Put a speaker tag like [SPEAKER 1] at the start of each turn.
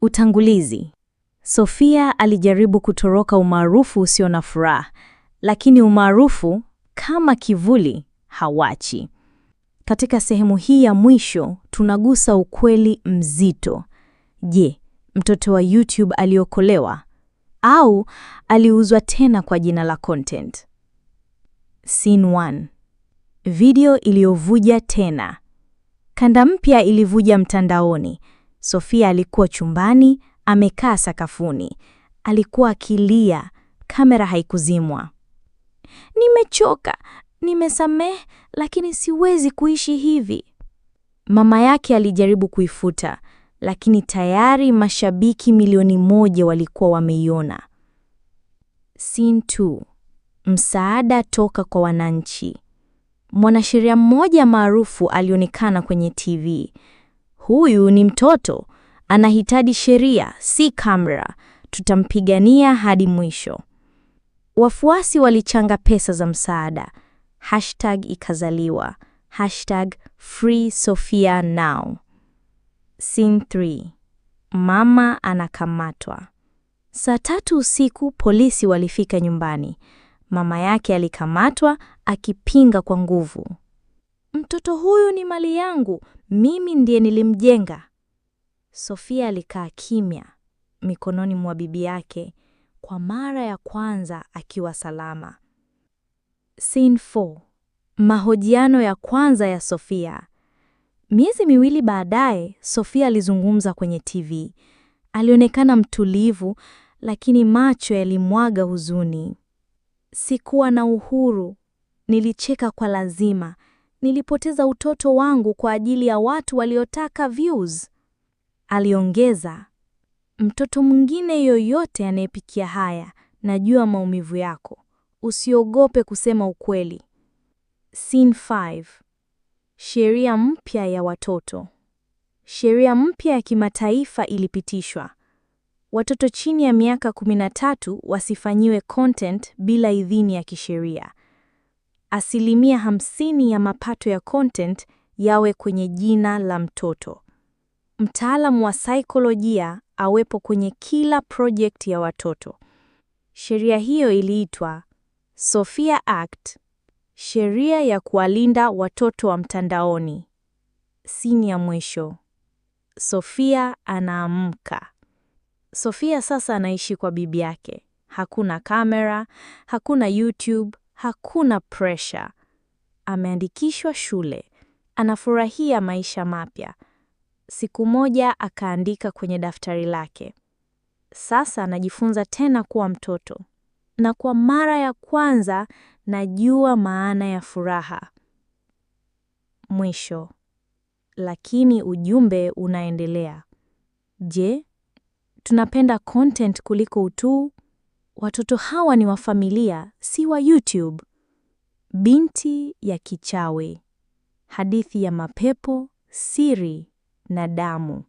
[SPEAKER 1] Utangulizi. Sofia alijaribu kutoroka umaarufu usio na furaha, lakini umaarufu kama kivuli hawachi. Katika sehemu hii ya mwisho tunagusa ukweli mzito. Je, mtoto wa YouTube aliokolewa au aliuzwa tena kwa jina la content?
[SPEAKER 2] Scene 1. Video iliyovuja tena. Kanda mpya ilivuja mtandaoni. Sofia alikuwa chumbani, amekaa sakafuni. Alikuwa akilia, kamera haikuzimwa.
[SPEAKER 3] Nimechoka, nimesamehe, lakini siwezi kuishi hivi.
[SPEAKER 2] Mama yake alijaribu kuifuta, lakini tayari mashabiki milioni moja walikuwa wameiona.
[SPEAKER 4] Scene 2. Msaada toka kwa wananchi. Mwanasheria mmoja maarufu alionekana kwenye TV huyu ni mtoto, anahitaji sheria, si kamera. Tutampigania hadi mwisho. Wafuasi walichanga pesa za msaada, hashtag ikazaliwa, hashtag free Sofia now.
[SPEAKER 5] Scene 3. Mama anakamatwa. Saa tatu usiku polisi walifika nyumbani. Mama yake alikamatwa akipinga kwa nguvu
[SPEAKER 6] mtoto huyu ni mali yangu, mimi ndiye nilimjenga. Sofia alikaa kimya mikononi mwa bibi yake kwa mara ya kwanza akiwa salama.
[SPEAKER 7] Scene 4. Mahojiano ya kwanza ya Sofia. Miezi miwili baadaye, Sofia alizungumza kwenye TV. Alionekana mtulivu, lakini macho yalimwaga huzuni. Sikuwa na uhuru, nilicheka kwa lazima, nilipoteza utoto wangu kwa ajili ya watu waliotaka views. Aliongeza, mtoto mwingine yoyote anayepikia haya, najua maumivu yako, usiogope kusema ukweli.
[SPEAKER 8] Scene 5. Sheria mpya ya watoto. Sheria mpya ya kimataifa ilipitishwa. Watoto chini ya miaka 13 wasifanyiwe content bila idhini ya kisheria asilimia hamsini ya mapato ya content yawe kwenye jina la mtoto. Mtaalamu wa saikolojia awepo kwenye kila project ya watoto. Sheria hiyo iliitwa Sophia Act, sheria ya kuwalinda watoto wa mtandaoni. Sini ya mwisho, Sophia anaamka. Sophia sasa anaishi kwa bibi yake. Hakuna kamera, hakuna YouTube, Hakuna presha. Ameandikishwa shule, anafurahia maisha mapya. Siku moja akaandika kwenye daftari lake, sasa anajifunza tena kuwa mtoto, na kwa mara ya kwanza najua maana ya furaha. Mwisho, lakini ujumbe unaendelea. Je, tunapenda content kuliko utuu? watoto hawa ni wa familia, si wa YouTube. Binti ya kichawi, hadithi ya mapepo, siri na damu.